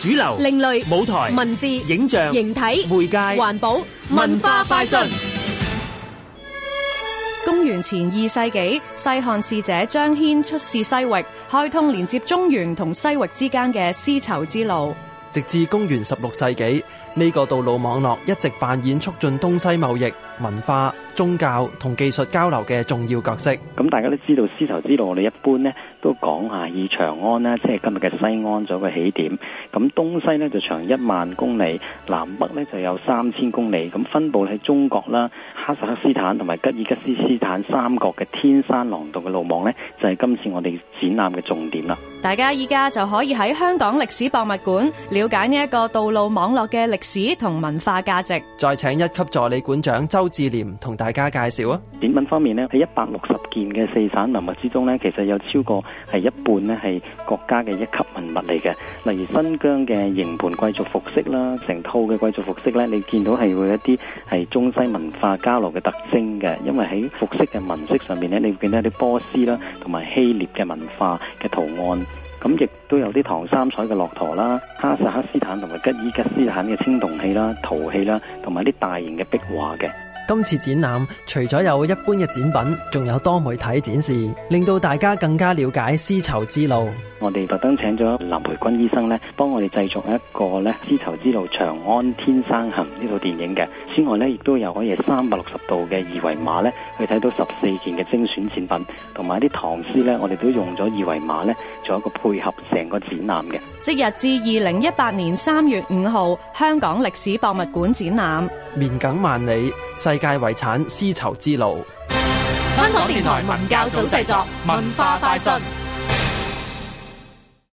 主流、另類、舞台、文字、影像、形體、媒介、環保、文化快訊。公元前二世紀，西漢使者張騫出使西域，開通連接中原同西域之間嘅絲綢之路，直至公元十六世紀。呢個道路網絡一直扮演促進東西貿易、文化、宗教同技術交流嘅重要角色。咁大家都知道絲綢之路，我哋一般咧都講下以長安啦，即係今日嘅西安做個起點。咁東西咧就長一萬公里，南北咧就有三千公里。咁分布喺中國啦、哈薩克斯坦同埋吉爾吉斯斯坦三國嘅天山廊道嘅路網咧，就係、是、今次我哋展覽嘅重點啦。大家依家就可以喺香港歷史博物館了解呢一個道路網絡嘅歷史。史同文化價值，再請一級助理館長周志廉同大家介紹啊！展品方面呢，喺一百六十件嘅四省文物之中呢，其實有超過係一半呢係國家嘅一級文物嚟嘅。例如新疆嘅營盤貴族服飾啦，成套嘅貴族服飾呢，你見到係會有一啲係中西文化交流嘅特徵嘅，因為喺服飾嘅紋飾上面呢，你會見到一啲波斯啦同埋希臘嘅文化嘅圖案。咁亦都有啲唐三彩嘅駱駝啦，哈薩克斯坦同埋吉爾吉斯斯坦嘅青銅器啦、陶器啦，同埋啲大型嘅壁畫嘅。今次展覽除咗有一般嘅展品，仲有多媒體展示，令到大家更加了解絲綢之路。我哋特登請咗林培君醫生咧，幫我哋製作一個咧絲綢之路長安天山行呢套電影嘅。此外咧，亦都有可以三百六十度嘅二維碼咧，去睇到十四件嘅精選展品，同埋一啲唐詩咧，我哋都用咗二維碼咧，做一個配合成個展覽嘅。即日至二零一八年三月五號，香港歷史博物館展覽綿亙萬里，世界遺產絲綢之路。香港電台文教組製作文化快訊。